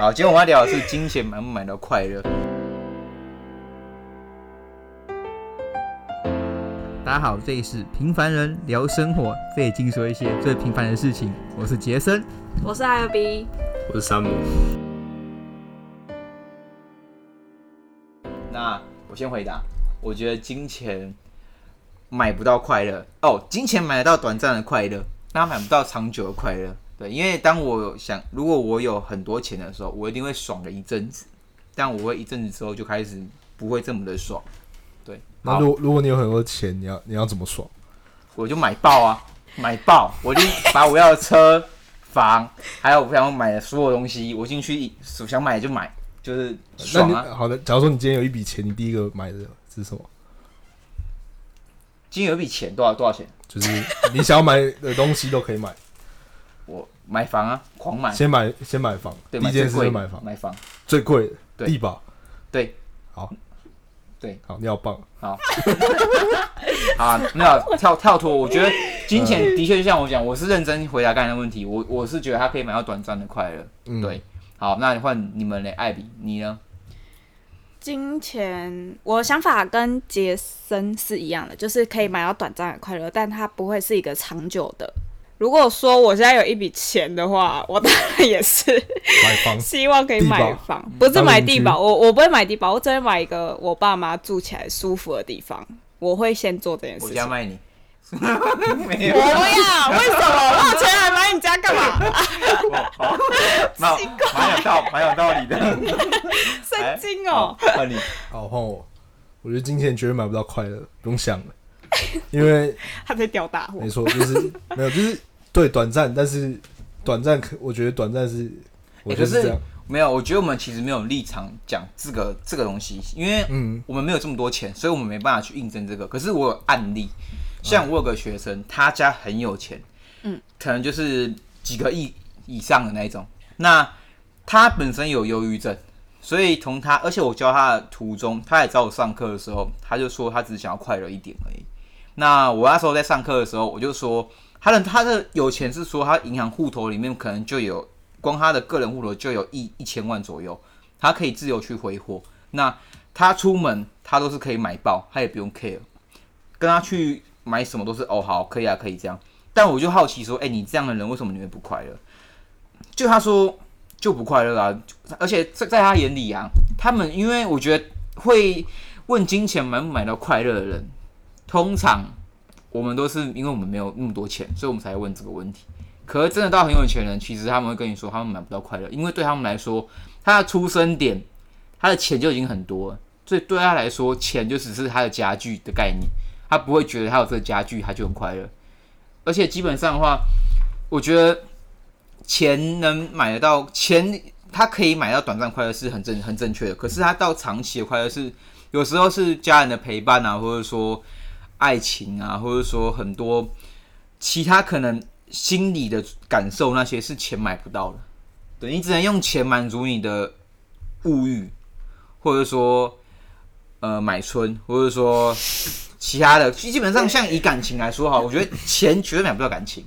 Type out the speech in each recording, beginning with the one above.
好，今天我們要聊的是金錢買不買到快樂。 大家好，這裡是平凡人聊生活，這裡淨說一些最平凡的事情。我是傑森，我是艾爾 B，我是山姆。那我先回答，我覺得金錢買不到快樂哦，金錢買得到短暫的快樂，但它買不到長久的快樂。對，因為當我想，如果我有很多錢的時候，我一定會爽個一陣子，但我會一陣子之後就開始不會這麼的爽。對，那如果如果你有很多錢，你要你要怎麼爽？我就買爆啊，買爆！我就把我要的車、 房，還有我想要買的所有東西，我進去想買的就買，就是爽啊。那你。好的，假如說你今天有一筆錢，你第一個買的是什麼？今天有一筆錢，多少多少錢？就是你想要買的東西都可以買。 我買房啊，狂買！先買，先買房。對，第一件事是買房，買房最貴的，地堡。對，好，對，好，你好棒，好 好，那跳跳脫。我覺得金錢的確就像我講、嗯，我是認真回答剛才的問題。我我是覺得它可以買到短暫的快樂，對、嗯。好，那你換你們嘞，艾比，你呢？金錢，我想法跟傑森是一樣的，就是可以買到短暫的快樂，但它不會是一個長久的。如果說我現在有一筆錢的話，我當然也是買房，希望可以買房，不是買地堡。我我不會買地堡，我只會買一個我爸媽住起來舒服的地方。我會先做這件事情。我家賣你，不 要我、啊， 為什麼？我 有錢還買你家幹嘛？蠻蠻有道，蠻、哦哦欸、有道理的。神經哦，換、欸、你，哦換我，我覺得金錢絕對買不到快樂，不用想了，因為他在吊大伙。沒錯，就是沒有，就是。對，短暫，但是短暫可，我覺得短暫是。哎、欸，可是沒有，我覺得我們其實沒有立場講這個這個東西，因為嗯，我們沒有這麼多錢，嗯、所以我們沒辦法去印證這個。可是我有案例、嗯，像我有個學生，他家很有錢，嗯，可能就是幾個億以上的那一種。那他本身有憂鬱症，所以從他，而且我教他的途中，他也找我上課的時候，他就說他只想要快樂一點而已。那我那時候在上課的時候，我就說。他的他的有錢是說，他銀行戶頭裡面可能就有，光他的個人戶頭就有一一千萬左右，他可以自由去揮霍。那他出門他都是可以買包，他也不用 care，跟他去買什麼都是哦，好可以啊，可以這樣。但我就好奇說，哎、欸，你這樣的人為什麼你會不快樂？就他說就不快樂啊，而且在他眼裡啊，他們因為我覺得會問金錢買不買到快樂的人，通常。我們都是因為我們沒有那麼多錢，所以我們才問這個問題。可是真的到很有錢的人，其實他們會跟你說，他們買不到快樂，因為對他們來說，他的出生點，他的錢就已經很多了，所以對他來說，錢就只是他的家具的概念，他不會覺得他有這個家具他就很快樂。而且基本上的話，我覺得錢能買得到錢，他可以買到短暫快樂是很正很正確的。可是他到長期的快樂是，有時候是家人的陪伴啊，或者說。愛情啊，或者說很多其他可能心裡的感受，那些是錢買不到的。對，你只能用錢滿足你的物欲，或者說呃，買春，或者說其他的。基本上像以感情來說哈，我覺得錢絕對買不到感情。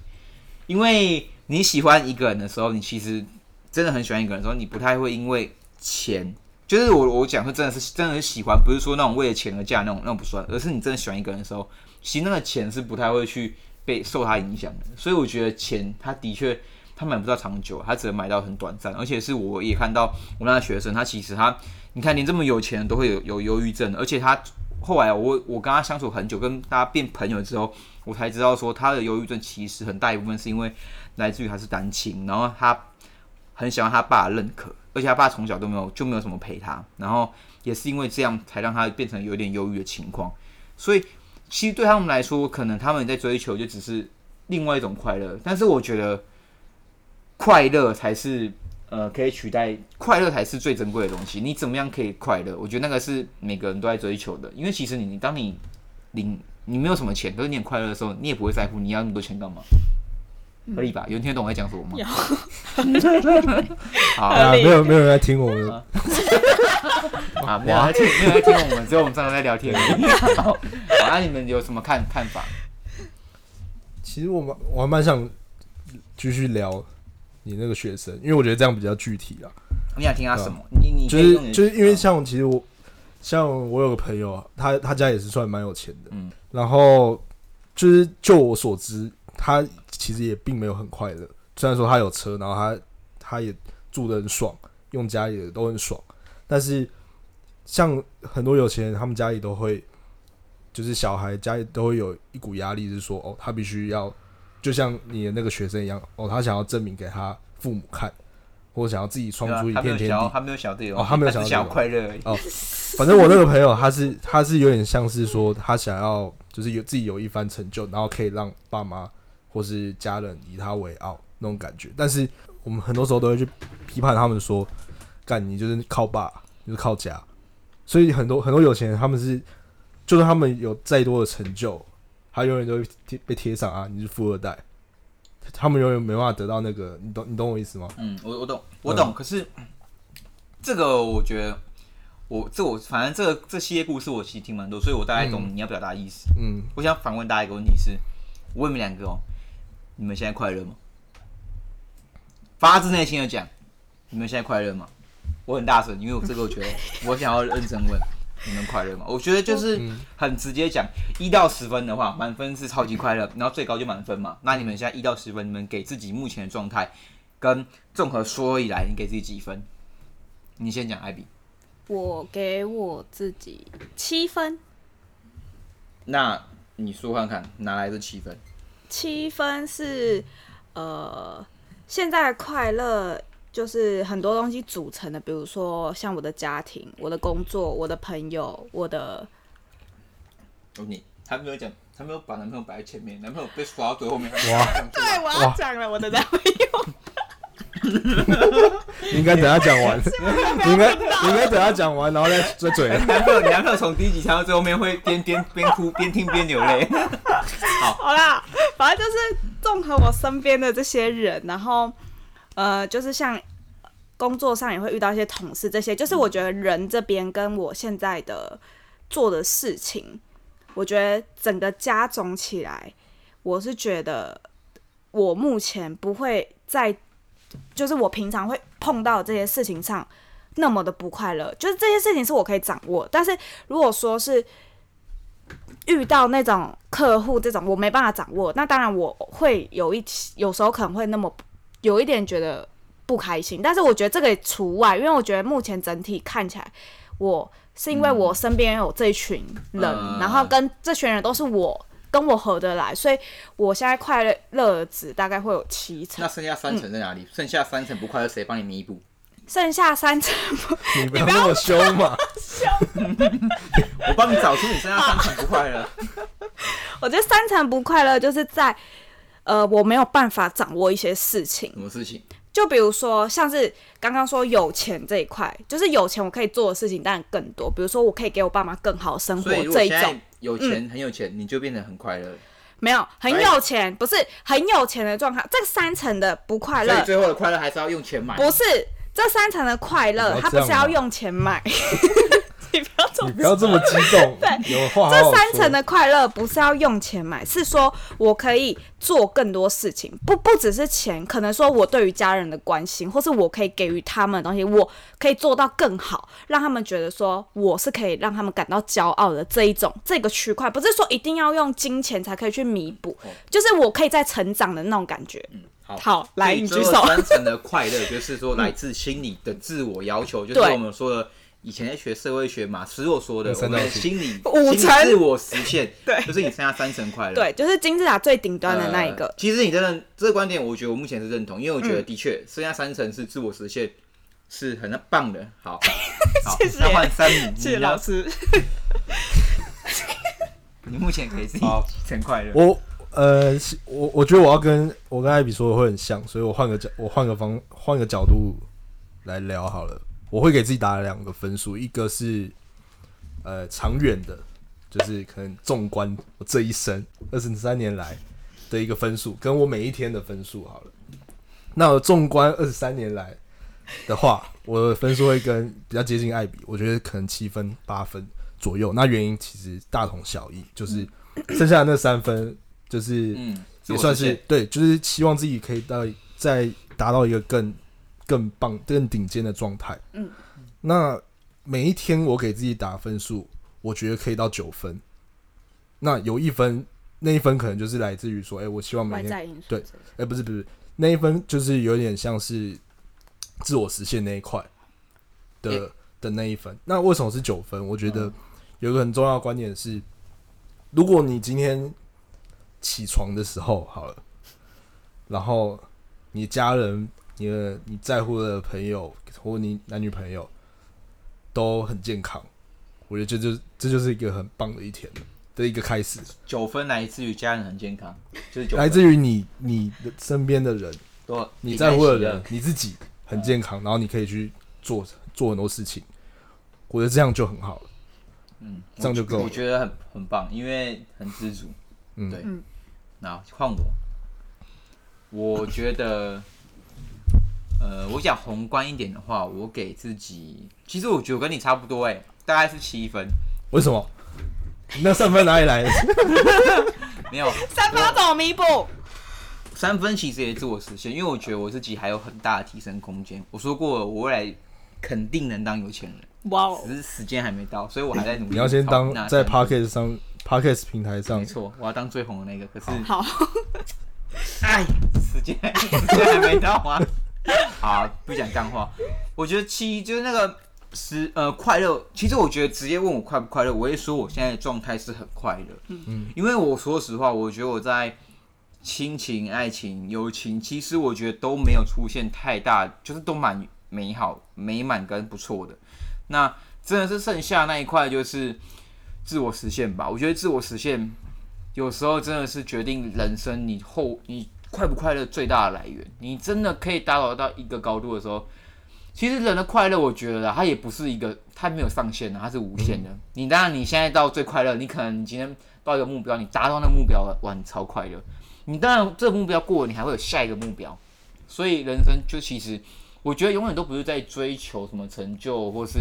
因為你喜歡一個人的時候，你其實真的很喜歡一個人的時候，你不太會因為錢。其實我我講說真的是真的是喜歡，不是說那種為了錢而嫁那種，那種不算。而是你真的喜歡一個人的時候，其實那個錢是不太會去被受他影響的。所以我覺得錢，他的確他買不到長久，他只能買到很短暫。而且是我也看到我那個學生，他其實他你看你這麼有錢都會有有憂鬱症，而且他後來我我跟他相處很久，跟大家變朋友之後，我才知道說他的憂鬱症其實很大一部分是因為來自於他是單親，然後他很喜歡他爸的認可。而且他爸從小都沒有，就沒有什麼陪他，然後也是因為這樣才讓他變成有點憂鬱的情況。所以其實對他們來說，可能他們在追求就只是另外一種快樂。但是我覺得快樂才是呃可以取代快樂才是最珍貴的東西。你怎麼樣可以快樂？我覺得那個是每個人都在追求的。因為其實你你當你領你沒有什麼錢，可是你很快樂的時候，你也不會在乎你要那麼多錢幹嘛。可以吧？有人聽得懂我在講什麼嗎？ 好、啊啊，沒有沒有人來聽我們。啊， 啊沒， 沒有，而且沒有人來聽我們，只有我們正常在聊天。而已。好，那、啊、你們有什麼看看法？其實我們我還蠻想繼續聊你那個學生，因為我覺得這樣比較具體啊。你想聽他什麼？呃、你你，你就是就是因為像其實我像我有個朋友、啊，他他家也是算蠻有錢的，嗯，然後就是就我所知，他。其實也並沒有很快樂，雖然說他有車，然後他他也住得很爽，用家裡的都很爽。但是像很多有錢人，他們家裡都會就是小孩家裡都會有一股壓力，是說哦，他必須要就像你的那個學生一樣，哦，他想要證明給他父母看，或者想要自己創出一片天地。啊、他沒有小自哦，他，想要，他想要快樂哦。反正我那個朋友，他是他是有點像是說，他想要就是有自己有一番成就，然後可以讓爸媽。或是家人以他為傲那種感覺，但是我們很多時候都會去批判他們說：“幹你就是靠爸，你就是靠家。”所以很多很多有錢人，他們是就算他們有再多的成就，他永遠都會被貼上啊，你是富二代，他們永遠沒辦法得到那個。你懂你懂我意思嗎？嗯，我我懂我懂。我懂。嗯，可是這個我覺得，我這我反正這個這系列故事我其實聽蠻多，所以我大概懂你要表達的意思。嗯，我想反問大家一個問題是：我問你們兩個哦。你們現在快樂嗎？發自內心的講，你們現在快樂嗎？我很大聲，因為我這個我覺得我想要認真問， 你們快樂嗎？我覺得就是很直接講，一到十分的話，滿分是超級快樂，然後最高就滿分嘛。那你們現在一到十分，你們給自己目前的狀態跟綜合說以來，你給自己幾分？你先講，艾比，我給我自己七分。那你說看看，哪來的七分？七分是，呃，現在快樂就是很多東西組成的，比如說像我的家庭、我的工作、我的朋友、我的。你他沒有講，他沒有把男朋友擺在前面，男朋友被甩到最後面。哇，對，我要講了，我的男朋友。 你應該等他講完。是是應該你們你們等他講完，然後再追追。男朋友男朋友從第幾條到最後面會邊邊邊哭邊聽邊流淚。 好，好啦，反正就是綜合我身邊的這些人，然後呃，就是像工作上也會遇到一些同事，這些就是我覺得人這邊跟我現在的做的事情，我覺得整個加總起來，我是覺得我目前不會在就是我平常會碰到這些事情上那麼的不快樂，就是這些事情是我可以掌握，但是如果說是。遇到那種客戶，這種我沒辦法掌握。那當然我會有一，有時候可能會那麼有一點覺得不開心。但是我覺得這個除外，因為我覺得目前整體看起來，我是因為我身邊有這一群人，嗯，然後跟這群人都是我，呃、跟我合得來，所以我現在快樂值大概會有七成。那剩下三成在哪裡？嗯，剩下三成不快樂，誰幫你彌補？剩下三層 ，你不要那麼凶嘛！ 我幫你找出你剩下三層不快樂 。我覺得三層不快樂就是在呃，我沒有辦法掌握一些事情。什麼事情？就比如說，像是剛剛說有錢這一塊，就是有錢我可以做的事情，但更多。比如說，我可以給我爸媽更好的生活這一種。有錢、嗯、很有錢、嗯，你就變得很快樂？沒有，很有錢不是很有錢的狀態。這個、三層的不快樂，所以最後的快樂還是要用錢買？不是。這三層的快樂，它不是要用錢買。你不要這麼， 要這麼激動。 對，有話好好說。這三層的快樂不是要用錢買，是說我可以做更多事情，不不只是錢，可能說我對於家人的關心，或是我可以給予他們的東西，我可以做到更好，讓他們覺得說我是可以讓他們感到驕傲的這一種這個區塊，不是說一定要用金錢才可以去彌補，哦、就是我可以在成長的那種感覺。嗯好，來你舉手。三層的快樂就是說，來自心理的自我要求， 嗯、就是我們說的以前在學社會學嘛，馬斯洛說的，我們的心理五層自我實現，對，就是你剩下三層快樂，對，就是金字塔最頂端的那一個。呃、其實，你真的這個觀點，我覺得我目前是認同，因為我覺得的確剩下三層是自我實現，是很棒的。好，好 謝謝。換三名，你謝謝老師。 你目前可以自己幾層快樂？呃，我我覺得我要跟我跟艾比說的會很像，所以我換個角，我換個方，換個角度來聊好了。我會給自己打兩個分數，一個是呃長遠的，就是可能縱觀我這一生二十三年來的一個分數，跟我每一天的分數好了。那縱觀二十三年來的話，我的分數會跟比較接近艾比，我覺得可能七分八分左右。那原因其實大同小異，就是剩下的那三分。咳咳就是，嗯，也算是對，就是希望自己可以到再達到一個更更棒、更頂尖的狀態。嗯，那每一天我給自己打分數，我覺得可以到九分。那有一分，那一分可能就是來自於說，哎，我希望每天對，哎，不是不是，那一分就是有點像是自我實現那一塊的的的那一分。那為什麼是九分？我覺得有個很重要的觀點是，如果你今天起床的時候好了，然後你家人、你的你在乎的朋友或你男女朋友都很健康，我覺得就這就是一個很棒的一天的一個開始。九分來自於家人很健康，就是九分來自於你你的身邊的， 的人，你在乎的人，你自己很健康、呃，然後你可以去做做很多事情，我覺得這樣就很好了。嗯，這樣就夠了。我覺得很很棒，因為很知足、嗯。對。嗯那換我，我覺得，呃，我想宏觀一點的話，我給自己，其實我覺得我跟你差不多、欸，哎，大概是七分。為什麼？那三分哪裡來的？ 沒有。三分怎麼彌補？三分其實也自我實現，因為我覺得我自己還有很大的提升空間。我說過我未來肯定能當有錢人。哇哦！只是時間還沒到，所以我還在努力。你要先當在 parket 上。Podcast 平台上，沒錯，我要當最紅的那個。可是，好，好哎，時間，時間還沒到啊。 好，不講髒話。我覺得七就是那個十呃快樂。其實我覺得直接問我快不快樂，我也說我現在的狀態是很快樂。嗯嗯。因為我說實話，我覺得我在親情、愛情、友情，其實我覺得都沒有出現太大，就是都蠻美好、美滿跟不錯的。那真的是剩下那一塊就是。自我實現吧，我覺得自我實現有時候真的是決定人生你後你快不快樂最大的來源。你真的可以達到到一個高度的時候，其實人的快樂，我覺得它也不是一個它沒有上限的，它是無限的。你當然你現在到最快樂，你可能你今天到一個目標，你達到那個目標，哇，你超快樂。你當然這個目標過了，你還會有下一個目標，所以人生就其實。我覺得永遠都不是在追求什麼成就或是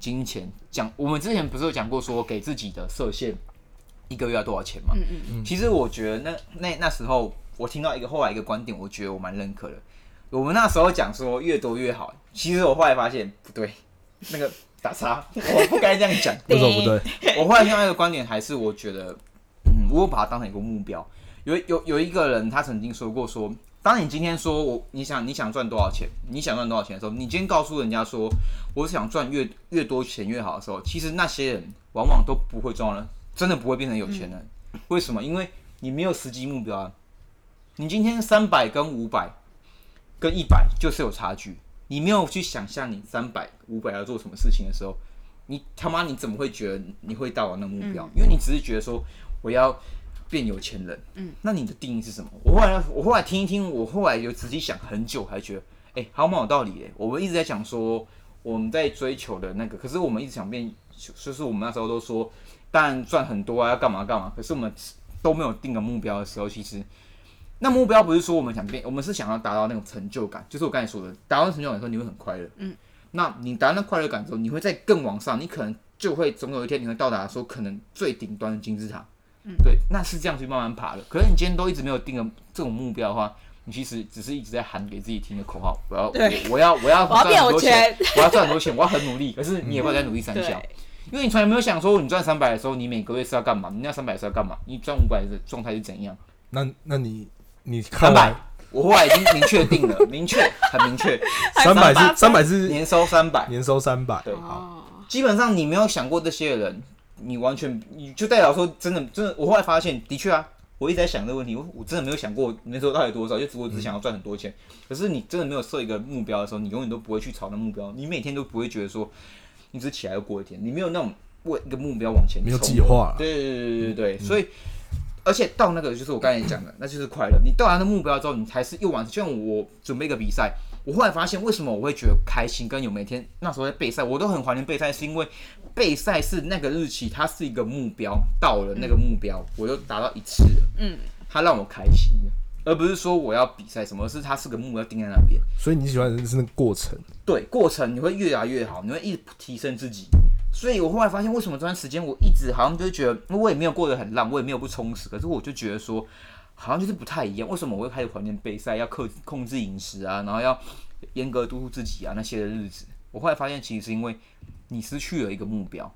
金錢。講，我們之前不是有講過說給自己的設限，一個月要多少錢嗎？嗯嗯嗯。其實我覺得那那那時候我聽到一個後來一個觀點，我覺得我蠻認可的。我們那時候講說越多越好，其實我後來發現不對，那個打叉， 我不該這樣講。那時候不對？我後來聽到一個觀點還是我覺得，嗯，我把它當成一個目標，有有有一個人他曾經說過說。當你今天說“我你想你想賺多少錢，你想賺多少錢”的時候，你今天告訴人家說“我想賺越越多錢越好”的時候，其實那些人往往都不會賺了，真的不會變成有錢人。嗯、為什麼？因為你沒有實際目標啊。你今天三百跟五百跟一百就是有差距，你沒有去想象你三百五百要做什麼事情的時候，你他媽你怎麼會覺得你會達到那個目標，嗯？因為你只是覺得說我要。變有錢人，嗯，那你的定義是什麼？我後來我後來聽一聽，我後來有仔細想很久，還覺得，哎、欸，還蠻有道理嘞、欸。我們一直在講說，我們在追求的那個，可是我們一直想變，就是我們那時候都說，當然賺很多啊，要幹嘛幹嘛。可是我們都沒有定個目標的時候，其實那目標不是說我們想變，我們是想要達到那種成就感。就是我剛才說的，達到成就感的時候，你會很快樂，嗯。那你達到那快樂感之後，你會再更往上，你可能就會總有一天你會到達說，可能最頂端的金字塔。對，那是這樣去慢慢爬的。可是你今天都一直沒有定個這種目標的話，你其實只是一直在喊給自己聽的口號。我要，我要，我要賺很多錢，我要賺很, 很多錢，我要很努力。可是你也會在努力三小、嗯、因為你從來沒有想說你賺三百的時候，你每個月是要幹嘛？你那三百是要幹嘛？你賺五百的狀態是怎樣？那，那你，你看 300, 後來，我五百已經明確定了， 明確，很明確。三百是三百是年收三百，年收三百。對，好。基本上你沒有想過這些人。你完全你就代表說，真的真的，我後來發現的確啊，我一直在想這個問題，我我真的沒有想過，那時候到底多少，就只我只想要賺很多錢、嗯。可是你真的沒有設一個目標的時候，你永遠都不會去朝那目標，你每天都不會覺得說，你只是起來又過一天，你沒有那種為一個目標往前衝，沒有計劃、啊，對對對對對對、嗯，所以、嗯、而且到那個就是我剛才講的，那就是快樂。你到達了目標之後，你才是又往，就像我準備一個比賽。我後來發現，為什麼我會覺得開心？跟有每天那時候在備賽，我都很懷念備賽，是因為備賽是那個日期，它是一個目標，到了那個目標，嗯、我就達到一次了。嗯，它讓我開心，而不是說我要比賽什麼，是它是個目標定在那邊。所以你喜歡的是那個過程？對，過程你會越來越好，你會一直提升自己。所以我後來發現，為什麼這段時間我一直好像就覺得，我也沒有過得很爛，我也沒有不充實，可是我就覺得說。好像就是不太一樣，為什麼我會開始懷念備賽，要克控制飲食啊，然後要嚴格督促自己啊那些的日子？我後來發現，其實是因為你失去了一個目標。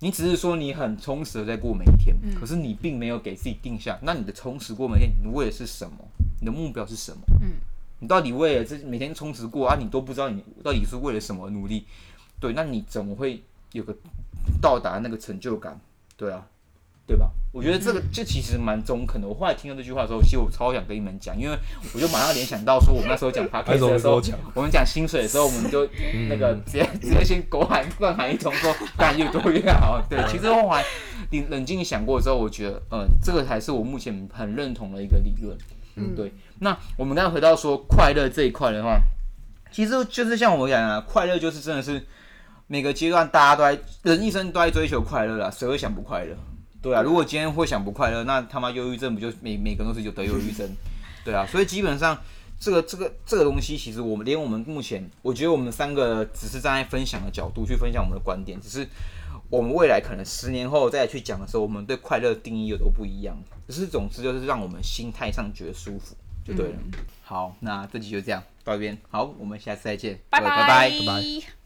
你只是說你很充實的在過每一天，嗯，可是你並沒有給自己定下，那你的充實過每一天，你為的是什麼？你的目標是什麼？嗯、你到底為了這每天充實過啊？你都不知道你到底是為了什麼努力？對，那你怎麼會有個到達那個成就感？對啊。對吧？我覺得這個這其實蠻中肯的。我後來聽到這句話的時候，其實我超想跟你們講，因為我就馬上聯想到說，我們那時候講 Podcast 的時候，我們講薪水的時候，我們就那個直接、嗯、直接先狗喊亂喊一通，說幹越多越好。對，其實後來你冷靜想過之後，我覺得，嗯、呃，這個才是我目前很認同的一個理論。嗯，對。那我們剛才回到說快樂這一塊的話，其實就是像我們講啊，快樂就是真的是每個階段大家都在，人一生都在追求快樂啦，誰會想不快樂？對啊，如果今天會想不快樂，那他媽憂鬱症不就每每個人都是有得憂鬱症？ 對啊，所以基本上這個這個這個東西，其實我們連我們目前，我覺得我們三個只是站在分享的角度去分享我們的觀點，只是我們未來可能十年後再去講的時候，我們對快樂的定義有多不一樣。只是總之就是讓我們心態上覺得舒服就對了。嗯。好，那這期就這樣到這邊，好，我們下次再見，拜拜拜拜。拜拜。